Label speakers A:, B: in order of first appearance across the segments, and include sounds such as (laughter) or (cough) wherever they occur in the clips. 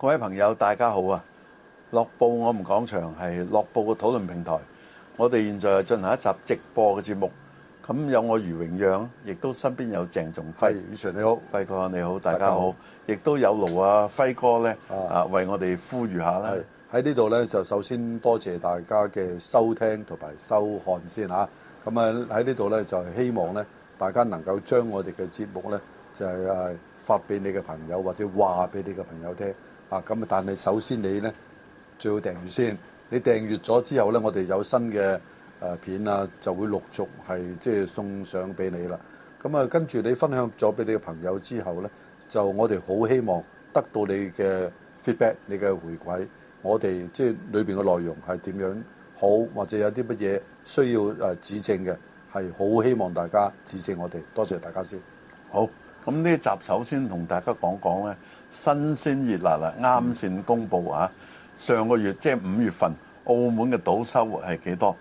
A: 各位朋友，大家好啊！《樂報》我唔講場，係《樂報》嘅討論平台。我哋現在進行一集直播嘅節目。咁有我余榮讓，亦都身邊有鄭仲輝。余 Sir 你好，輝哥你
B: 好，大家好。亦都有勞啊輝哥咧啊，為我哋呼籲下啦。喺呢度咧，就首先多謝大家嘅收聽同埋收看先吓、啊。咁啊喺呢度咧，就希望咧大家能夠將我哋嘅節目咧就係、是、啊發俾你嘅朋友，或者話俾你嘅朋友聽。啊，咁啊，但係首先你呢，最好訂閱先。你訂閱咗之後呢，我哋有新嘅誒片啊，就會陸續係即係送上俾你啦。咁啊，跟住你分享咗俾你嘅朋友之後呢，就我哋好希望得到你嘅 feedback，你嘅回饋。我哋即係裏邊嘅內容係點樣好，或者有啲乜嘢需要誒指正嘅，係好希望大家指正我哋。多謝大家先，好。咁呢集首先
A: 同大家講講咧新鮮熱辣啦啱先公佈啊、嗯！上個月即係五月份，澳門嘅賭收係幾多？咁、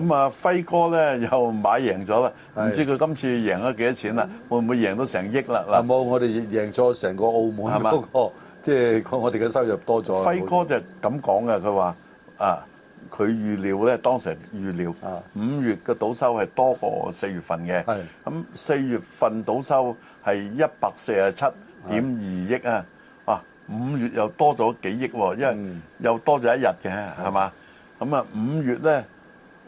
A: 嗯、啊，輝哥咧又買贏咗啦，唔知佢今次贏咗幾多錢啦？會唔會贏到成億啦？嗱、啊，冇，我哋贏咗成個澳門嗰、嗰個，即係我哋嘅收入多咗。輝哥就咁講嘅，佢話啊，佢預料咧當時預料五月嘅賭收係多過四月份嘅。係咁，四月份賭收。係一百四十七點二億啊！哇，五月又多咗幾億喎，因為又多咗一日嘅，係嘛？咁啊，五月呢，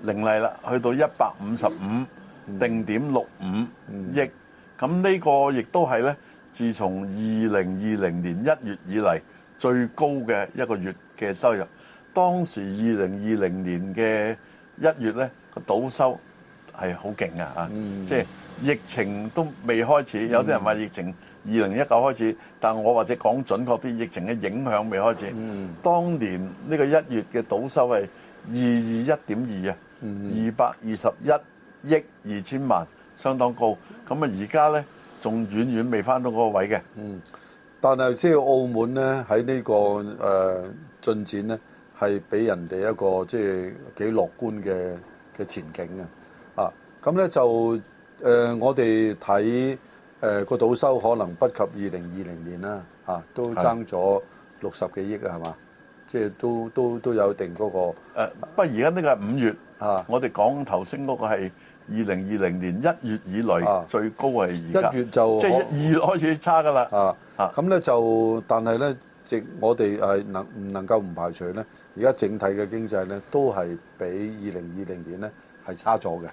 A: 凌厲啦，去到一百五十五定點六五億，咁呢個亦都係呢，自從二零二零年一月以嚟最高嘅一個月嘅收入，當時二零二零年嘅一月呢個倒收係好勁啊！啊，即係。疫情都未開始，有啲人話疫情二零一九開始，但我或者講準確啲，疫情嘅影響未開始。當年呢個一月嘅賭收係二二一點二啊，二百二十一
B: 億二千萬，相當高。咁啊，而家呢仲遠遠未返到嗰個位嘅。嗯，但係即係澳門呢喺呢個誒進展呢，係俾人哋一個即係幾樂觀嘅嘅前景啊！啊，咁呢就。誒、呃，我哋睇誒個賭收可能不及二零二零年啦，嚇都爭咗六十幾億啊，係嘛？即係、就是、都都都有定嗰、那個、呃、不過而家呢個係五月啊，我哋講頭先嗰個係
A: 二零二零年一月以嚟最高係
B: 而、啊、一月就即係二月開始差㗎啦。啊，咁、啊、咧就，但係咧，我哋能唔能夠唔排除咧？而家整體嘅經濟咧，都係比二零二零年咧係差咗嘅。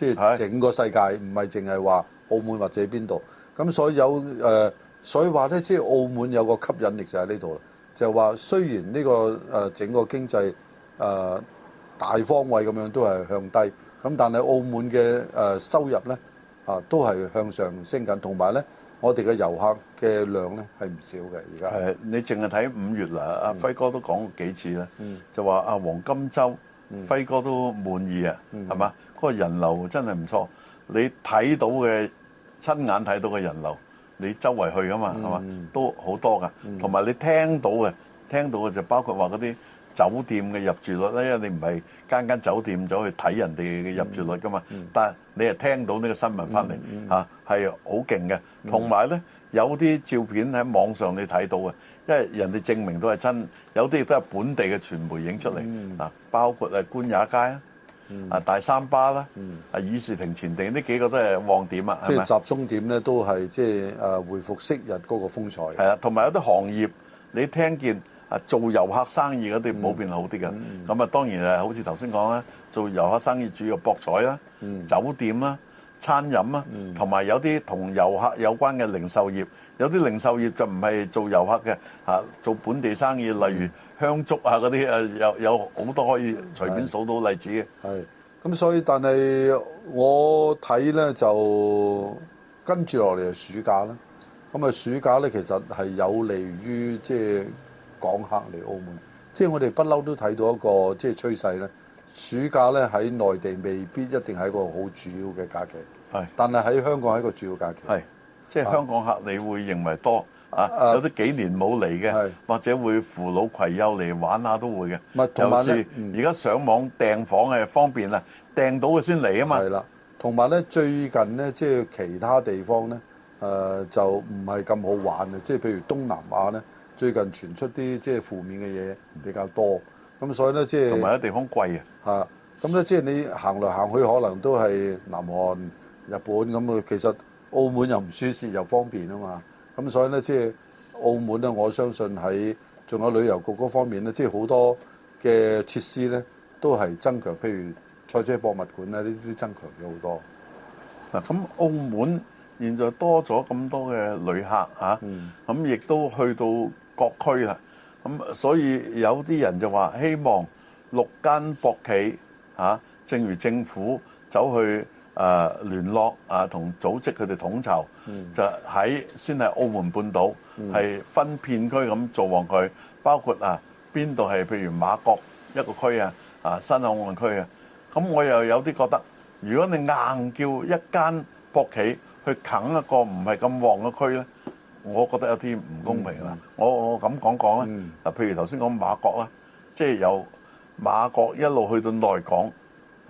B: 即係整個世界，唔係淨係話澳門或者邊度咁，所以有誒，所以話咧，即係澳門有個吸引力就喺呢度啦。就話雖然呢、這個誒、呃、整個經濟誒、呃、大方位咁樣都係向低咁，但係澳門嘅誒、呃、收入咧啊都係向上升緊，同埋咧我哋嘅遊客嘅量咧係唔少嘅。而家係你淨係睇五月啦，阿、嗯啊、輝哥都講過幾次咧，嗯、
A: 就話阿黃金周輝哥都滿意啊，係、嗯、嘛？嗯嗰人流真係唔錯，你睇到嘅、親眼睇到嘅人流，你周圍去噶嘛，係嘛，都好多噶。同埋你聽到嘅、聽到嘅就包括話嗰啲酒店嘅入住率啦，因為你唔係間間酒店走去睇人哋嘅入住率噶嘛。但係你係聽到呢個新聞翻嚟嚇係好勁嘅，同埋咧有啲照片喺網上你睇到嘅，因為人哋證明都係真，有啲亦都係本地嘅傳媒影出嚟嗱，包括係官也街啊。啊、嗯、大三巴啦，啊、嗯、議事亭前地呢幾個都係旺點啊，即係集
B: 中點咧都係即係誒回復
A: 昔日嗰個風采。係啦，同埋有啲行業你聽見啊做遊客生意嗰啲普遍好啲嘅，咁、嗯、啊當然好似頭先講啦，做遊客生意主要博彩啦、嗯、酒店啦、餐飲啦，同埋有啲同遊客有關嘅零售業。有啲零售業就唔係做遊客嘅，嚇做本地生意，例如香燭啊嗰啲誒，有有好多可以隨便數到例子嘅，
B: 係。咁所以但係我睇咧就跟住落嚟就暑假啦。咁啊暑假咧其實係有利於即係、就是、港客嚟澳門。即、就、係、是、我哋不嬲都睇到一個即係、就是、趨勢咧。暑假咧喺內地未必一定係一個好主要嘅假期，係。但係喺香港係一個主要假期，
A: 即係香港客，你會認為多啊，啊？有啲幾年冇嚟嘅，或者會扶老攜幼嚟玩下都會嘅。
B: 同埋而家上網訂房係方便啦、嗯，訂到嘅先嚟啊嘛。係啦，同埋咧，最近咧，即係其他地方咧、呃，就唔係咁好玩嘅。即係譬如東南亞咧，最近傳出啲即係負面嘅嘢比較多。咁所以咧，即係同埋一地方貴啊吓咁咧，即係你行來行去，可能都係南韓、日本咁嘅。其實澳門又唔輸蝕又方便啊嘛，咁所以呢，即係澳門咧，我相信喺仲有旅遊局嗰方面咧，即係好多嘅設施呢都係增強，譬如賽車博物館啦，呢啲增強咗好多。嗱、啊，咁澳門現在多咗咁多嘅旅客嚇，
A: 咁亦都去到各區啦，咁所以有啲人就話希望六間博企嚇、啊，正如政府走去。誒、啊、聯絡啊，同組織佢哋統籌，嗯、就喺先係澳門半島，係、嗯、分片區咁做旺佢。包括啊，邊度係譬如媽閣一個區啊，啊新口岸區啊，咁我又有啲覺得，如果你硬叫一間博企去啃一個唔係咁旺嘅區呢，我覺得有啲唔公平啦、嗯。我我咁講講咧，譬如頭先講媽閣啊，即係由媽閣一路去到內港。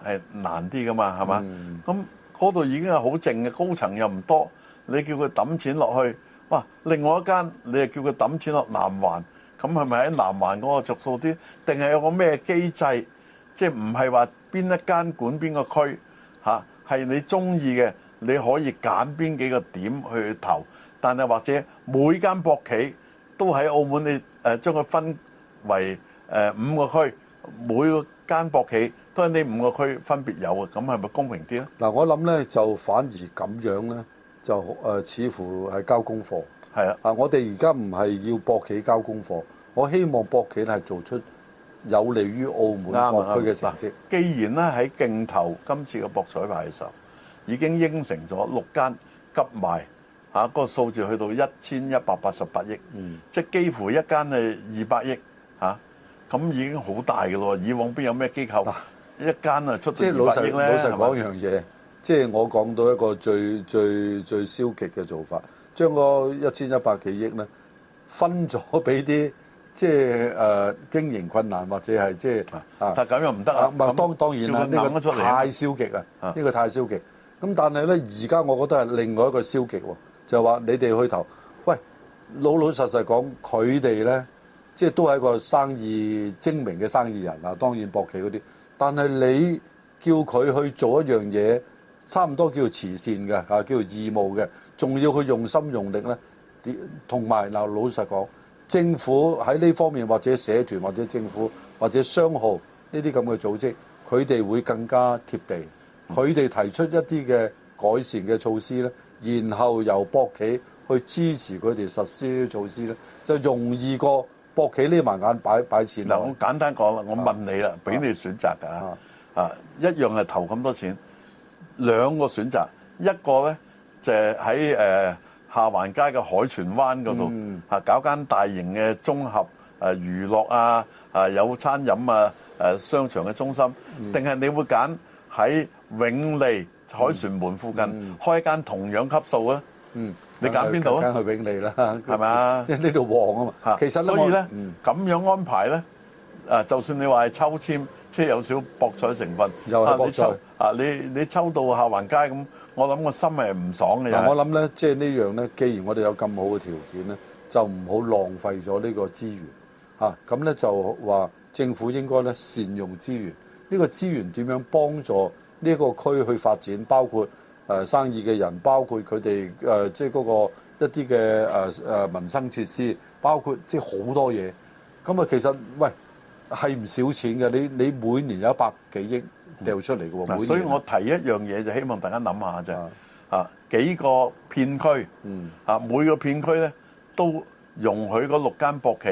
A: 係難啲噶嘛，係嘛？咁嗰度已經係好靜嘅，高層又唔多，你叫佢抌錢落去，哇！另外一間你又叫佢抌錢落南環，咁係咪喺南環嗰個著數啲？定係有個咩機制？即係唔係話邊一間管邊個區？嚇，係你中意嘅，你可以揀邊幾個點去投，但係或者每間博企都喺澳門，你誒將佢分為誒五個
B: 區，每個。間博企都係呢五個區分別有啊，咁係咪公平啲咧？嗱，我諗呢就反而咁樣呢，就誒似乎係交功課。係啊，啊，我哋而家唔係要博企交功課，我希望博企係做出有利於澳門各區嘅成績。既然呢喺競投今次嘅博彩牌嘅時
A: 候已經應承咗六間急埋，嚇個數字去到一千一百八十八億，嗯，即係幾乎一間係二百億。咁已經好大嘅咯喎！以往邊有咩機構一間啊出即係老實老實講樣
B: 嘢，即係我講到一個最最最消極嘅做法，將個一千一百幾億咧分咗俾啲即係誒、呃、經營困難或者係即係但係咁又唔得啊！當、啊、係當然啦、啊，呢、這個太消極啊，呢、啊這個太消極。咁但係咧，而家我覺得係另外一個消極喎、啊，就係、是、話你哋去投，喂老老實實講，佢哋咧。即係都係一個生意精明嘅生意人啦。當然博企嗰啲，但係你叫佢去做一樣嘢，差唔多叫做慈善嘅吓，叫做義務嘅，仲要佢用心用力咧。同埋嗱，老實講，政府喺呢方面，或者社團，或者政府，或者商號呢啲咁嘅組織，佢哋會更加貼地。佢哋提出一啲嘅改善嘅措施咧，然後由博企去支持佢哋實施呢啲措施咧，就容易過。博企呢埋眼擺擺錢啦我簡單講啦，我問你啦，俾、啊、你選擇㗎啊，啊！一樣係投咁多錢，
A: 兩個選擇，一個咧就喺、是、誒、呃、下環街嘅海泉灣嗰度嚇搞間大型嘅綜合誒、呃、娛樂啊啊有餐飲啊、呃、商場嘅中心，定、嗯、係你會揀喺永利海泉門附近、嗯嗯、開間同樣級數啊？嗯，你揀邊度啊？揀去永利啦，係 (laughs) 嘛？
B: 即係呢度旺啊嘛。其實所以咧，
A: 咁、嗯、樣安排咧，就算你話係抽籤，即係有少博彩成分，又係博彩啊，你啊你抽到下環街咁，我諗個心係唔爽嘅、啊。我
B: 諗咧，即、就、係、是、呢樣咧，既然我哋有咁好嘅條件咧，就唔好浪費咗呢個資源。吓、啊，咁咧就話政府應該咧善用資源。呢、這個資源點樣幫助呢個區去發展，包括？誒、呃、生意嘅人，包括佢哋誒，即係嗰個一啲嘅誒誒民生設施，包括即係好多嘢。咁啊，其實喂係唔少錢嘅，你你每年有一百幾億掉出嚟嘅喎。所以我提一樣嘢就希
A: 望大家諗下啫。啊，幾個片區，啊每個片區咧都容許嗰六間博企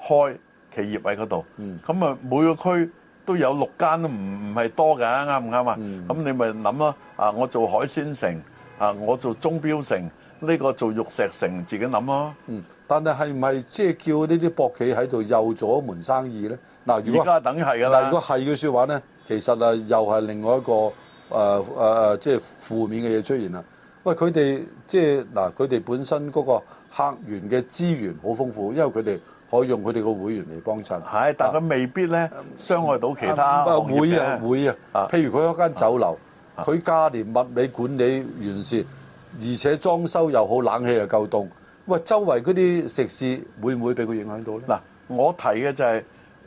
A: 開企業喺嗰度。咁、嗯、啊，每個區。都有六間都唔唔係多㗎，啱唔啱啊？咁、嗯、你咪諗咯。啊，
B: 我做海鮮城，啊，我做鐘錶城，呢、這個做玉石城，自己諗咯。嗯，但係係唔係即係叫呢啲博企喺度又做一門生意咧？嗱，而家等於係啦。嗱，如果係嘅說話咧，其實啊，又係另外一個誒誒，即係負面嘅嘢出現啦。喂，佢哋即係嗱，佢、就、哋、是啊、本身嗰個客源嘅資源好豐富，因為佢哋。可以用佢哋個會員嚟幫襯，係，但佢未必咧傷害到其他。會啊會啊，譬如佢開間酒樓，佢價廉物美管理完善，而且裝修又好，冷氣又夠凍。喂，周圍嗰啲食肆會唔會俾佢影響到咧？嗱，我提嘅就係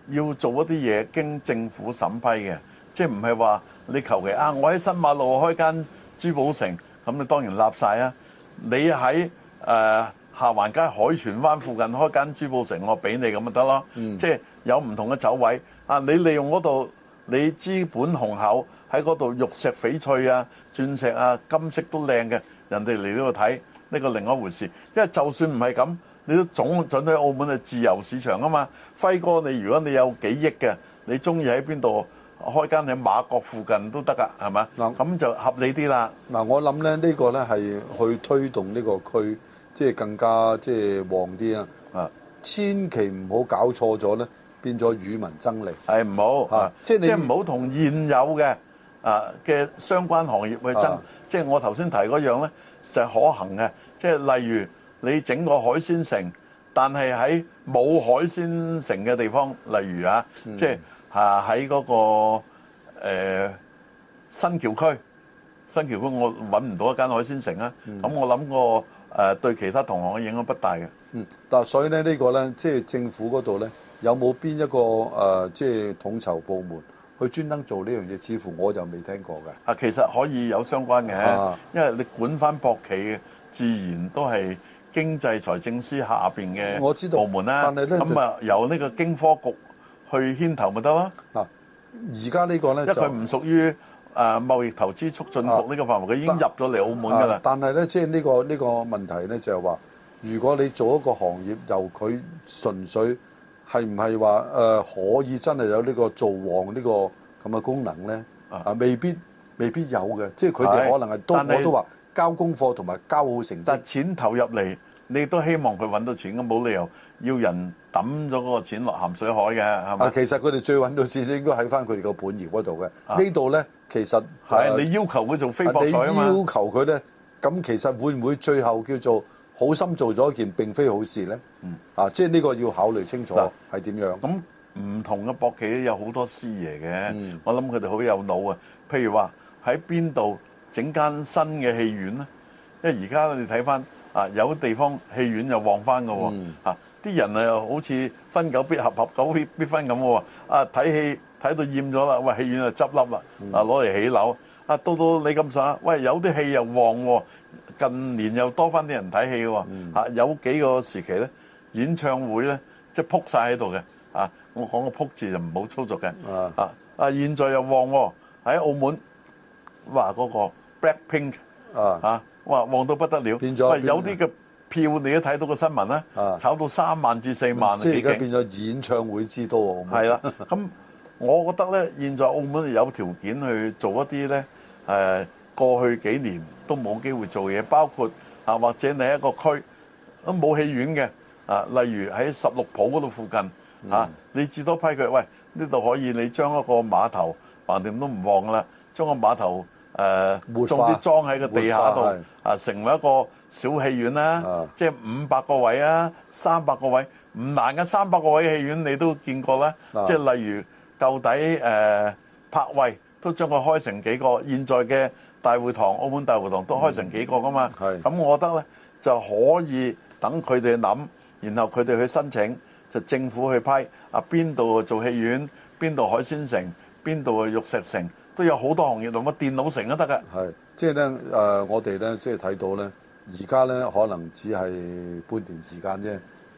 B: 要做一啲
A: 嘢經政府審批嘅，即係唔係話你求其啊，我喺新馬路開間珠寶城，咁你當然立曬啊。你喺誒，下環街海泉灣附近開間珠寶城，我俾你咁咪得咯。即係有唔同嘅走位啊！你利用嗰度，你資本雄厚，喺嗰度玉石翡翠啊、鑽石啊、金色都靚嘅，人哋嚟呢度睇呢個另一回事。因為就算唔係咁，你都總准喺澳門嘅自由市場啊嘛。輝哥，你如果你有幾億嘅，你中意喺邊度開間喺馬國附近都得噶，係嘛？嗱，咁就合理啲
B: 啦，嗯。嗱、嗯，我諗咧，呢、呢個咧係去推動呢個區。即係更加即係旺啲啊！啊，千祈唔好搞錯咗咧，變咗與民爭利。係唔好啊！即係你即係唔好同現有嘅啊嘅相關行業去
A: 爭。即係我頭先提嗰樣咧，就係可行嘅。即係例如你整個海鮮城，但係喺冇海鮮城嘅地方，例如啊，即係啊喺嗰個誒新橋區、新橋區，我揾唔到一間海鮮城啊。咁我諗個。誒對其他同行嘅影響不大
B: 嘅。嗯，嗱，所以咧呢個咧，即係政府嗰度咧，有冇邊一個誒，即係統籌部門去專登做呢樣嘢？似乎我就未聽過嘅。
A: 啊，其實可以有相關嘅，啊，因為你管翻博企，自然都係經濟財政司下邊嘅部門啦。但係咧，咁咪由呢個經科局去牽頭咪得囉。嗱，啊，
B: 而家呢個咧，即佢唔
A: 屬於。誒、啊、貿易投資促進局呢個範圍，佢、啊、已經入咗嚟澳門噶啦、啊啊。
B: 但係咧，即係呢個呢、呢個問題咧，就係、是、話，如果你做一個行業，由佢純粹係唔係話誒可以真係有呢個造旺呢個咁嘅功能咧、啊？啊，未必未必有嘅，即係佢哋可能係都我都話交功課同埋交好成績。但係錢投入嚟，你都希望
A: 佢揾到錢，咁冇理由要人。抌咗嗰個錢落鹹水海嘅，係嘛、啊？其實
B: 佢哋最揾到錢應該喺翻佢哋個本業嗰度嘅。啊、呢度咧，其實係、啊啊、你要
A: 求佢做非博彩嘛。要
B: 求佢咧，咁、啊、其實會唔會最後叫做好心做咗一件並非好事咧、嗯？啊，即係呢個要考慮清楚係點樣？咁、啊、唔同嘅博企
A: 有好多師爺嘅、嗯。我諗佢哋好有腦啊。譬如話喺邊度整間新嘅戲院咧？因為而家你睇翻啊，有地方戲院又旺翻嘅喎。啊。啲人啊，又好似分久必合，合久必必分咁喎。啊，睇戲睇到厭咗啦，喂，戲院就執笠啦，啊，攞嚟起樓。啊，到到你咁耍，喂，有啲戲又旺喎。近年又多返啲人睇戲喎。啊，有幾個時期咧，演唱會咧，即係撲晒喺度嘅。啊，我講個撲字就唔好操作嘅。啊啊，現在又旺喎，喺澳門話嗰個 Black Pink 啊，哇，旺到不得了。變咗。喂，有啲嘅。票你都睇到個新聞
B: 啦、啊，炒到三萬至四萬啊！即係而家變咗演唱會之都喎。係啦，咁
A: (laughs) 我覺得咧，現在澳門有條件去做一啲咧，誒、呃、過去幾年都冇機會做嘢，包括啊或者你一個區都冇戲院嘅啊，例如喺十六浦嗰度附近啊，嗯、你至多批佢，喂，呢度可以你將一個碼頭橫掂都唔旺噶啦，將個碼頭誒、呃，種啲裝喺個地下度啊，成為一個小戲院啦、啊啊，即係五百個位啊，三百個位唔難嘅。三百個位戲院你都見過啦、啊，即係例如到底誒泊、呃、位都將佢開成幾個？現在嘅大會堂、澳門大會堂都開成幾個噶嘛？咁、嗯、我覺得咧就可以等佢哋諗，然後佢哋去申請，就政府去批。啊，邊度做戲院？
B: 邊度海鮮城？邊度玉石城？都有好多行業，同乜電腦城都得㗎。係，即係咧誒，我哋咧即係睇到咧。而家咧可能只係半年時間啫，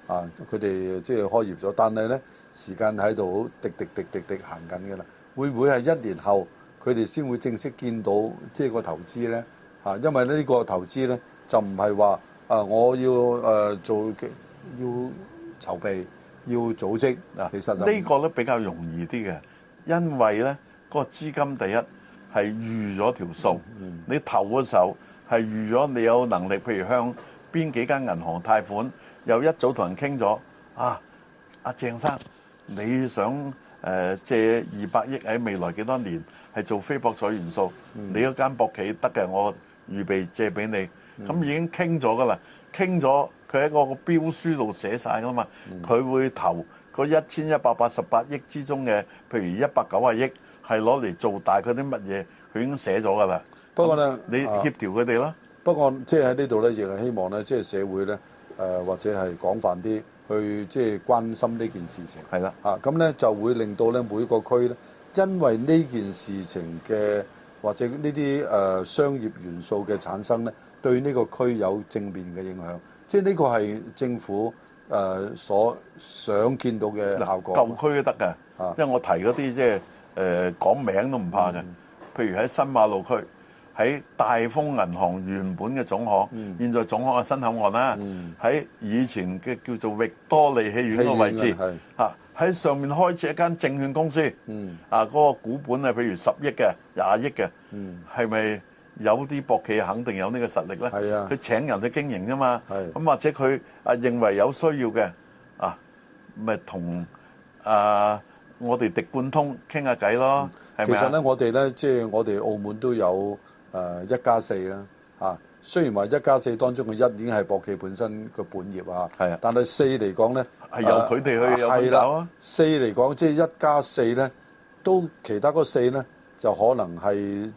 B: 啊！佢哋即係開業咗，但係咧時間喺度滴滴滴滴滴行緊㗎啦。會唔會係一年後佢哋先會正式見到即係個投資咧？嚇、啊啊呃，啊這個，因為呢個投資咧就唔係話啊，我要誒做要籌備要組織嗱，其實呢個
A: 咧比較容易啲嘅，因為咧個資金第一係預咗條數、嗯嗯，你投嗰時候。係預咗你有能力，譬如向邊幾間銀行貸款，又一早同人傾咗啊！阿鄭生，你想誒借二百億喺未來幾多年係做非博彩元素？你嗰間博企得嘅，我預備借俾你。咁已經傾咗㗎啦，傾咗佢喺個標書度寫晒㗎嘛，佢會投嗰一千一百八十八億之中嘅，譬如一百九十億係攞嚟做大佢啲乜嘢，佢已經寫咗㗎啦。
B: 不過咧，你協調佢哋啦。不過，即係喺呢度咧，亦係希望咧，即係社會咧，誒或者係廣泛啲去即係關心呢件事情。係啦，啊咁咧就會令到咧每個區咧，因為呢件事情嘅或者呢啲誒商業元素嘅產生咧，對呢個區有正面嘅影響。即係呢個係政府誒所想見到嘅效果。舊區都得㗎，啊，因為我提
A: 嗰啲即係誒講名都唔怕嘅，譬如喺新馬路區。喺大豐銀行原本嘅總行、嗯，現在總行嘅新口岸啦。喺、嗯、以前嘅叫做域多利戲院個位置，嚇喺、啊、上面開設一間證券公司。嗯、啊，嗰、那個股本啊，譬如十億嘅、廿億嘅，係、嗯、咪有啲博企肯定有呢個實力咧？係啊，佢請人去經營啫嘛。係咁、啊啊，或者佢啊認為有需要嘅啊，咪同啊我哋迪冠通傾下偈咯。係咪？其實咧，
B: 我哋咧即係我哋澳門都有。誒、呃、一加四啦，嚇、啊！雖然話一加四當中嘅一已經係博企本身嘅本業的啊，係啊，但係四嚟講咧係由佢哋去啊，啦，四嚟講即係、就是、一加四咧，都其他嗰四咧就可能係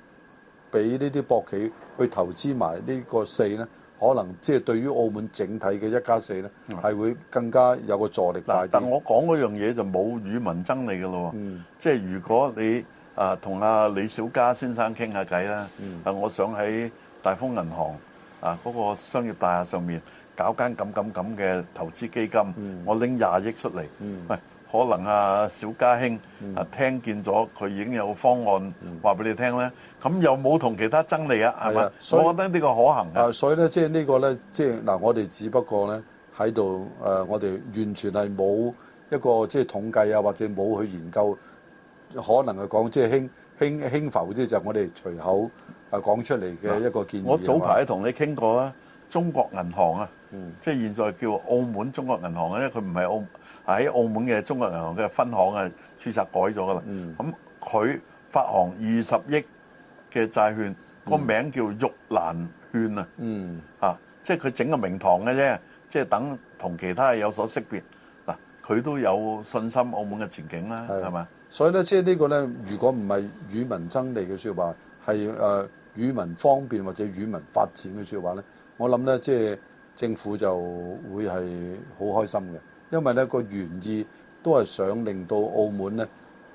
B: 俾呢啲博企去投資埋呢個四咧，可能即係對於澳門整體嘅一加四咧係會更加有個助力大啲。但我講嗰樣嘢就冇與民爭利㗎咯，即
A: 係如果你。啊，同阿李小加先生傾下偈啦。啊，我想喺大豐銀行啊嗰個商業大廈上面搞間咁咁咁嘅投資基金。我拎廿億出嚟，喂，可能阿小加兄啊聽見咗，佢已經有方案話俾你聽咧。咁又冇同其他爭利嘅，係咪？我
B: 覺得呢個可行嘅。啊，所以咧，即係呢個咧，即係嗱，我哋只不過咧喺度啊，我哋完全係冇一個即係統計啊，或者冇去研究。可能係講即係輕輕輕浮啲，就係、我哋隨口啊講出嚟嘅一個建議。我早排同
A: 你傾過啊，中國銀行啊，
B: 嗯、即係現在叫澳
A: 門中國銀行啊，佢唔係澳喺澳門嘅中國銀行嘅分行嘅、啊、註冊改咗噶啦。咁、嗯、佢、嗯、發行二十億嘅債券，個、嗯、名叫玉蘭券啊，嚇、嗯啊！即係佢整個名堂嘅啫，即係等
B: 同其他有所識別。嗱、啊，佢都有信心澳門嘅前景啦、啊，係嘛？是所以咧，即係呢個呢，如果唔係與民爭利嘅説話，係誒與民方便或者與民發展嘅説話呢。我諗呢，即係政府就會係好開心嘅，因為呢個原意都係想令到澳門呢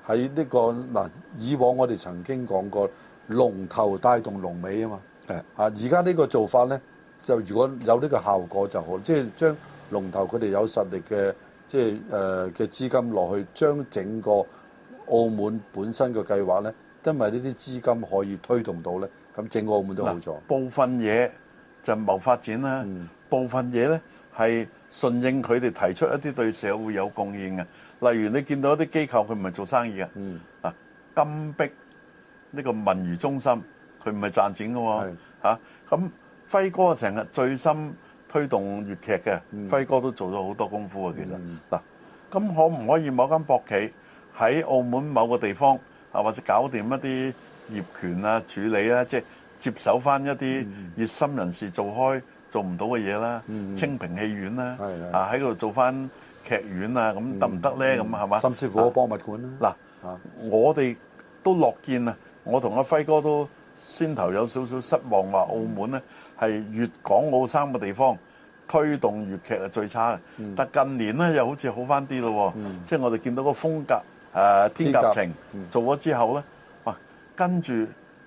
B: 喺呢個嗱，以往我哋曾經講過龍頭帶動龍尾啊嘛，誒而家呢個做法呢，就如果有呢個效果就好，即係將龍頭佢哋有實力嘅即係誒嘅資金落去，將整個。澳門本身嘅計劃咧，因為呢啲資金可以推動到咧，咁整個澳門都冇錯。部分嘢就謀發展啦、嗯，部分嘢咧係順
A: 應佢哋提出一啲對社會有貢獻嘅。例如你見到一啲機構，佢唔係做生意嘅。啊、嗯，金碧呢、呢個文娛中心，佢唔係賺錢嘅喎、哦。咁、啊、輝哥成日最深推動粵劇嘅、嗯，輝哥都做咗好多功夫嘅其實。嗱、嗯，咁可唔可以某間博企？喺澳門某個地方啊，或者搞掂一啲業權啊、處理啊，即係接手翻一啲熱心人士做開做唔到嘅嘢啦，清平戲院啦、啊，啊喺度做翻劇院啊，咁得唔得咧？咁、嗯嗯、啊，係、啊、嘛？甚至乎博物館啦。嗱、啊，我哋都樂見啊！我同阿輝哥都先頭有少少失望，話澳門咧係粵港澳三個地方推動粵劇係最差嘅、嗯。但近年咧又好似好翻啲咯，即係我哋見到個風格。誒、呃、天鵝情做咗之後呢，哇、嗯啊！跟住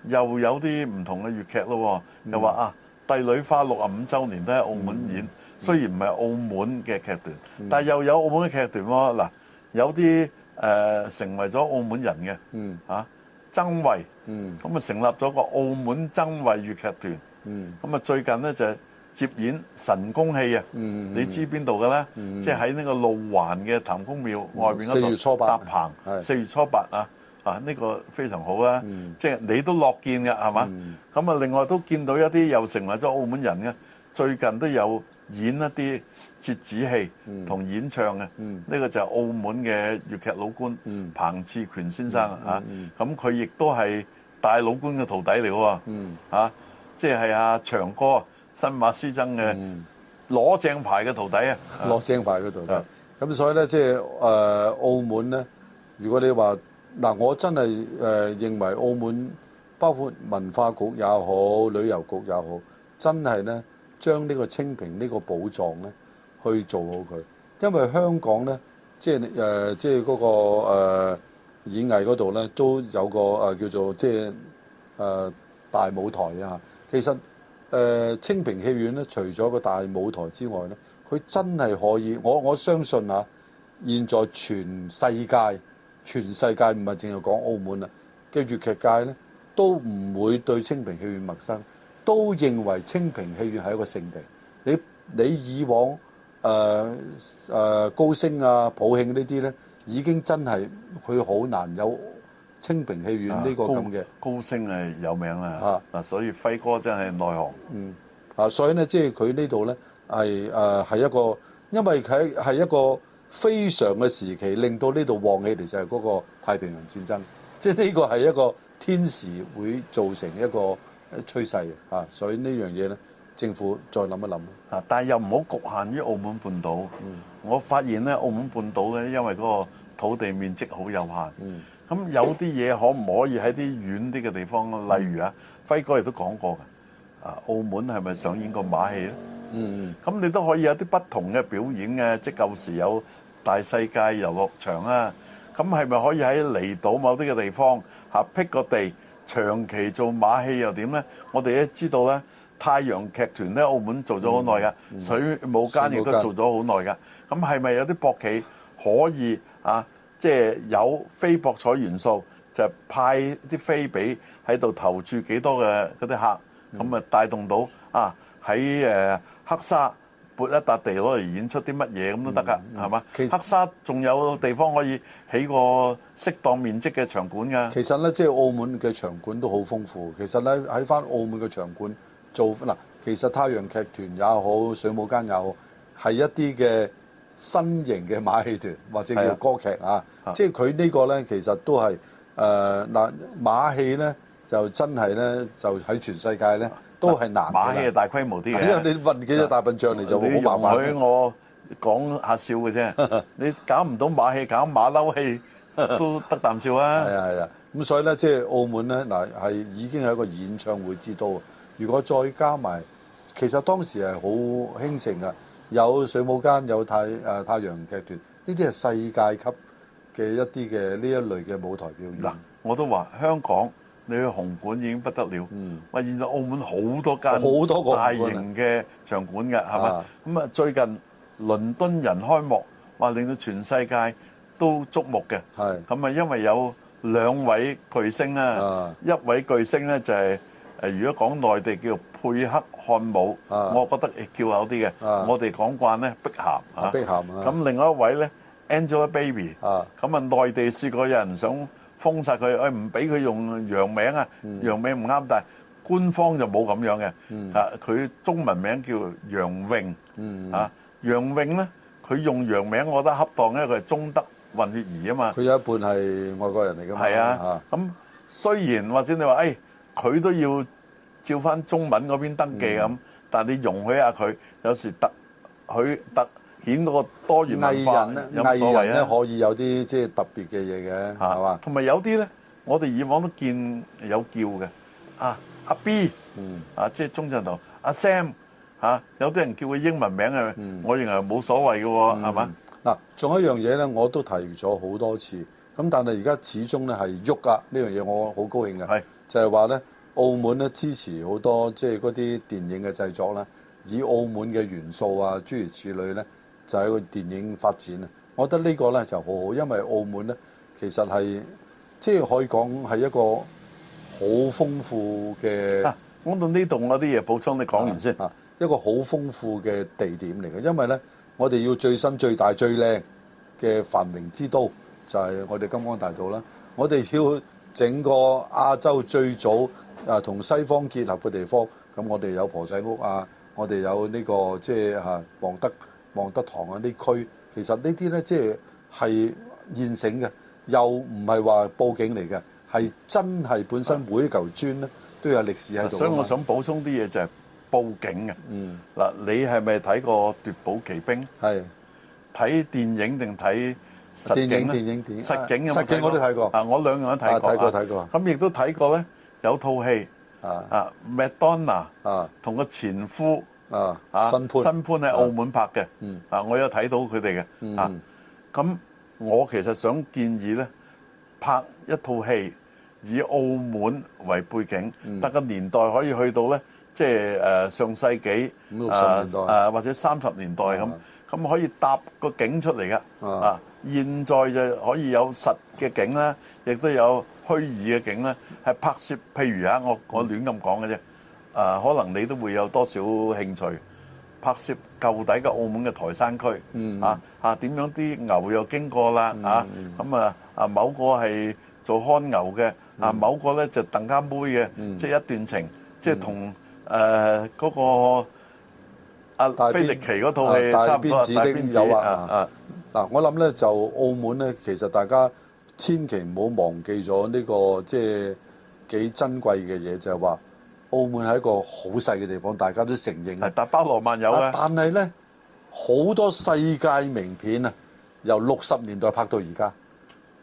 A: 又有啲唔同嘅粵劇咯，嗯、又話啊《帝女花》六十五週年都喺澳門演，嗯、雖然唔係澳門嘅劇團、嗯，但又有澳門嘅劇團喎。嗱、啊，有啲、呃、成為咗澳門人嘅，嚇、嗯啊、曾慧嗯咁啊成立咗個澳門曾慧粵劇團，咁、嗯、啊最近呢，就是。接演神功戲啊、嗯！你知邊度嘅咧？即係喺呢個路環嘅潭公廟外邊嗰度搭棚。四月初八啊啊！呢、呢個非常好啊，嗯、即係你都樂見嘅係嘛？咁啊，嗯、另外都見到一啲又成為咗澳門人嘅，最近都有演一啲折子戲同演唱嘅。呢、嗯呢個就係澳門嘅粵劇老官、嗯、彭志權先生、嗯嗯嗯、啊。咁佢亦都係大老官嘅徒弟嚟啊，、嗯、啊，即係阿、啊、長哥。新馬師曾嘅攞正牌嘅徒弟啊，
B: 攞、嗯啊、正牌嘅徒弟，咁、啊、所以咧即係誒澳門咧，如果你話嗱、呃，我真係誒、呃、認為澳門包括文化局也好，旅遊局也好，真係咧將呢個清平呢個寶藏咧去做好佢，因為香港咧即係誒、呃、即係、那、嗰個、呃、演藝嗰度咧都有個、呃、叫做即係誒、呃、大舞台啊，其實。誒清平戲院咧，除咗個大舞台之外咧，佢真係可以，我我相信啊，現在全世界，全世界唔係淨係講澳門啦，嘅粵劇界咧都唔會對清平戲院陌生，都認為清平戲院係一個聖地。你你以往誒誒、呃呃、高升啊、普慶這些呢啲咧，已經真係佢好難有。清平戲院呢個咁嘅、啊、高，高升係有名啦，嗱、啊、所以輝哥真係內行。嗯，啊所以咧，即係佢呢度咧係誒係一個，因為佢係一個非常嘅時期，令到呢度旺起嚟就係嗰個太平洋戰爭，即係呢個係一個天時會造成一個誒趨勢啊。所以呢樣嘢咧，政府再諗一諗啊，但又唔好局限於澳門半島。
A: 嗯，我發現咧澳門半島咧，因為嗰個土地面積好有限。嗯。咁有啲嘢可唔可以喺啲遠啲嘅地方咧？例如啊，輝哥亦都講過嘅，啊，澳門係咪上演個馬戲咧？嗯，咁你都可以有啲不同嘅表演嘅，即係舊時有大世界遊樂場啊，咁係咪可以喺離島某啲嘅地方吓闢個地長期做馬戲又點咧？我哋都知道咧，太陽劇團咧澳門做咗好耐噶，水舞間亦都做咗好耐噶，咁係咪有啲博企可以啊？即係有非博彩元素，就係、派啲飛俾喺度投注幾多嘅啲客，咁、嗯、啊帶動到啊喺誒黑沙撥一笪地攞嚟演出啲乜嘢咁都得噶，係、嗯、嘛、嗯？黑沙仲有地方可以起個適當面
B: 積嘅場館㗎。其實咧，即、就、係、係、澳門嘅場館都好豐富。其實咧，喺翻澳門嘅場館做嗱，其實太陽劇團也好，水舞間又好，係一啲嘅。新型嘅馬戲團或者叫歌劇係啊，啊，係啊，即係佢呢個咧，其實都係誒嗱馬戲咧，就真係咧，就喺全世界咧都係難馬戲係大規模啲啊！因為你運幾隻大笨象嚟就好，好麻煩，容許我講下笑嘅啫， (laughs) 你搞唔到馬戲，搞馬騮戲都得啖笑啊！係啊係啊，咁、啊、所以咧，即係澳門咧嗱係已經係一個演唱會之都。如果再加埋，其實當時係好興盛噶。有水舞間，有太誒太陽劇團，呢啲係世界級嘅一啲嘅呢一類嘅舞台表演。嗱，我都話香港你去紅館已經不得了。嗯，話現在澳門
A: 好多間好多個大型嘅場館㗎，係嘛？咁啊，最近倫敦人開幕，話令到全世界都矚目嘅。係咁啊，因為有兩位巨星啦，一位巨星咧就係誒，如果講內地叫，貝克漢姆、啊，我覺得誒叫好啲嘅。我哋講慣咧碧咸，嚇，咁、啊、另外一位咧 Angelababy，咁啊內地試過有人想封殺佢，誒唔俾佢用洋名啊，洋名唔啱、嗯，但係官方就冇咁樣嘅、嗯。啊，佢中文名叫楊穎，啊、嗯、楊穎咧，佢用洋名，我覺得恰當，因為佢係中德混血兒啊嘛。佢有一半係外國人嚟㗎嘛。係啊，咁、啊、雖然或者你話誒，佢、哎、都要。照翻中文嗰邊登記咁、嗯，但係你容許下佢，有時特佢特顯
B: 嗰個多元文化，藝人有乜所謂啊？藝人咧可以有啲即係特別嘅嘢嘅，嘛、啊？同埋
A: 有啲咧，我哋以往都見有叫嘅，啊阿 B，嗯，啊即係鍾鎮濤，阿、啊、Sam 啊有啲人叫佢英文名嘅、嗯，我認為冇所謂
B: 嘅喎，係、嗯、嘛？嗱，仲有一樣嘢咧，我都提咗好多次，咁但係而家始終咧係喐啊呢樣嘢，這個、我好高興嘅，係就係話咧。澳門咧支持好多即係嗰啲電影嘅製作啦，以澳門嘅元素啊，諸如此類咧，就係一個電影發展啊。我覺得呢個呢個咧就好好，因為澳門咧其實係即係可以講係一個好豐富嘅。講到呢度，我啲嘢補充你講完先啊，啊。一個好豐富嘅地點嚟嘅，因為咧我哋要最新、最大、最靚嘅繁榮之都，就係、係、我哋金剛大道啦。我哋要整個亞洲最早。啊，同西方結合嘅地方，咁我哋有婆仔屋啊，我哋有呢個即係嚇望德望德堂啊啲區，其實呢啲咧即係係現成嘅，又唔係話布景嚟嘅，係真係本身每一嚿磚咧都有歷史喺度。所以我想補充啲嘢就係布景嘅。嗯，嗱，你係咪睇過奪寶奇兵？係
A: 睇電影定睇實景？電影片實景，實景我都睇過。啊，我兩樣都睇過。啊，睇過睇過。咁亦都睇過咧。有套戲啊啊，Madonna 啊，同個前夫啊，新潘新潘喺澳門拍嘅，啊，我有睇到佢哋嘅啊。咁我其實想建議咧，拍一套戲以澳門為背景，得個年代可以去到咧，即係誒上世紀啊啊，或者三十年代咁，咁可以搭個景出嚟㗎啊。現在就可以有實嘅景啦，亦都有。虛擬嘅景咧，係拍攝，譬如嚇，我我亂咁講嘅啫。誒，可能你都會有多少興趣拍攝舊底嘅澳門嘅台山區。嗯。啊啊！點樣啲牛又經過啦？啊咁啊啊！某個係做看牛嘅，啊某個咧就鄧家妹嘅，即係一段情，即係同誒嗰個阿菲力奇嗰套戲差唔多啊。大邊子啊？大邊子啊？
B: 嗱，我諗咧就澳門咧，其實大家。千祈唔好忘記咗呢、這個即係幾珍貴嘅嘢，就係、是、話澳門係一個好細嘅地方，大家都承認係，但包羅萬有啊！但係咧，好多世界名片啊，由六十年代拍到而家，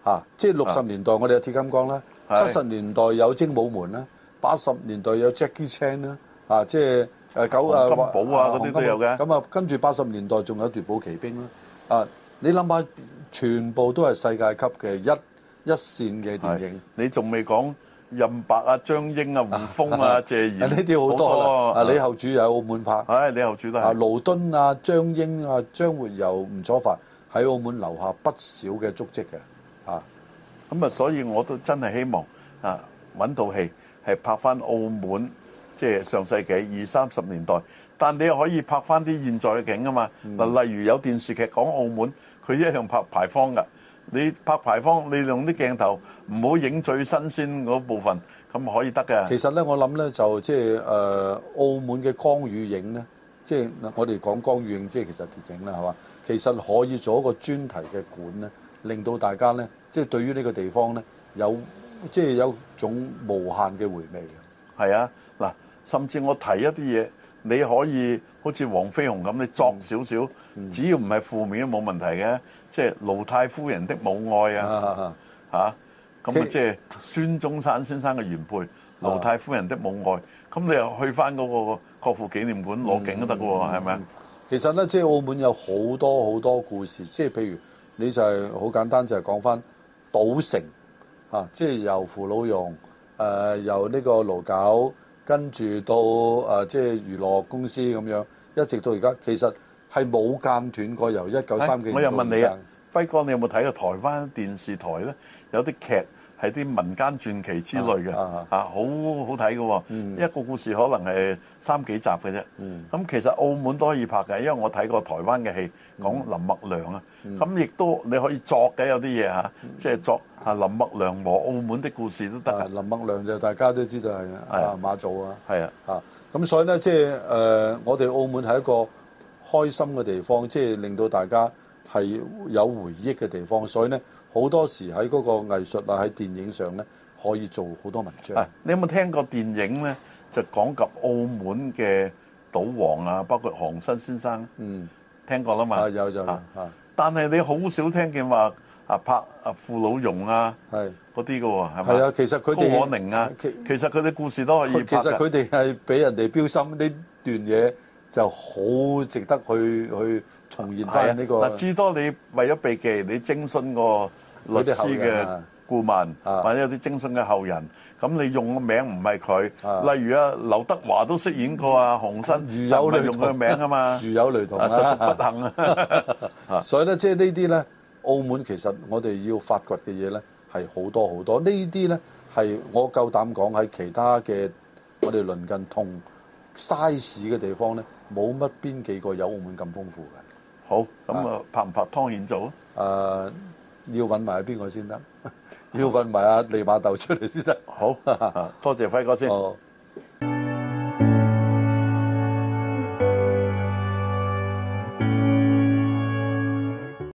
B: 啊，即係六十年代我哋有鐵金剛啦，七、啊、十年代有精武門啦，八十年代有 Jackie Chan 啦、啊，啊，即係誒九啊金寶啊嗰啲都有嘅。咁啊，跟住八十年代仲有奪寶奇兵啦，啊，你諗下，全部都係世界級嘅一。一綫嘅電影，你仲未講任白啊、張瑛啊、胡楓啊、謝賢，呢啲好多。啊，李後主又喺澳門拍。唉，李後主都係。盧敦啊、張瑛啊、張活游、吳楚帆喺澳門留下不少嘅足迹嘅。啊，咁啊，所以我
A: 都真係希望啊，揾套戲係拍翻澳門，即係上世紀二三十年代，但你又可以拍翻啲現在嘅景啊嘛。嗱，例如有電視劇講澳門，佢一向拍牌坊噶。你拍牌坊，你用啲鏡頭唔好影最新鮮嗰部分，咁咪可以得嘅。其
B: 實咧，我諗咧就即係誒澳門嘅光與影咧，即係我哋講光與影，即係其實電影啦，係嘛？其實可以做一個專題嘅館咧，令到大家咧，即係對於呢個地方咧，有即係有種無限嘅回味。係啊，嗱，甚至我
A: 提一啲嘢，你可以好似黃飛鴻咁，你作少少，只要唔係負面，都冇問題嘅。嗯嗯即係盧太夫人的母愛啊，嚇咁啊！即係孫中山先生嘅原配盧太夫人的母愛，咁、啊、你又去翻嗰個國父紀念館攞景都得嘅喎，係咪啊？
B: 其實咧，即、就、係、是、澳門有好多好多故事，即、就、係、是、譬如你就好簡單就、啊，就係講翻賭城嚇，即係由傅老榕誒，由呢個盧九，跟住到誒，即、呃、係、就是、娛樂公司咁樣，一直到而家，其實。係冇間斷過由、哎，由一九三幾年。我又問你啊，
A: 輝哥，你有冇睇過台灣電視台咧？有啲劇係啲民間傳奇之類嘅、啊啊啊，好好睇嘅、哦嗯。一個故事可能係三幾集嘅啫。咁、嗯、其實澳門都可以拍嘅，因為我睇過台灣嘅戲、嗯、講林默娘啊。咁、嗯、亦都你可以作嘅，有啲嘢嚇，即、啊、係、就是、作林默娘和
B: 澳門的故事都得啊。林默娘就大家都知道係啊，馬祖啊，係啊，咁所以咧，即係誒，我哋澳門係一個。開心嘅地方，即係令到大家係有回憶嘅地方，所以咧好多時喺嗰個藝術啊，喺電影上咧可以做好多文章。你有冇聽過電影咧？就講及澳
A: 門嘅賭王啊，包括韓生先生，嗯，聽過啦嘛、啊。有有就、啊、但係你好少聽見話啊拍啊傅老榕啊，係嗰啲
B: 嘅喎，係嘛、啊？係係啊，其實佢哋高可寧
A: 啊，其，其實佢哋故事都可以拍的，其實佢
B: 哋係俾人哋標心呢段嘢，就好值得去去重現翻、這、呢個。嗱、啊，至多你為咗避忌，你徵詢個律師嘅顧問的、啊，
A: 或者有啲徵詢嘅後人，咁、啊、你用個名唔係佢。例如啊，劉德華都飾演過啊，鴻燊又唔係用佢嘅名啊嘛。如有雷同、啊，實屬不幸啊！
B: 啊 (laughs) 所以咧，即係呢啲咧，澳門其實我哋要發掘嘅嘢咧，係好多好多。呢啲咧係我夠膽講喺其他嘅我哋鄰近通 size 嘅地方咧，冇乜邊幾個有澳門咁豐富嘅。好，咁啊，拍唔拍湯顯祖？啊？誒，要揾埋邊個先得？要揾埋阿利馬豆出嚟先得。好， (laughs) 多謝輝哥先。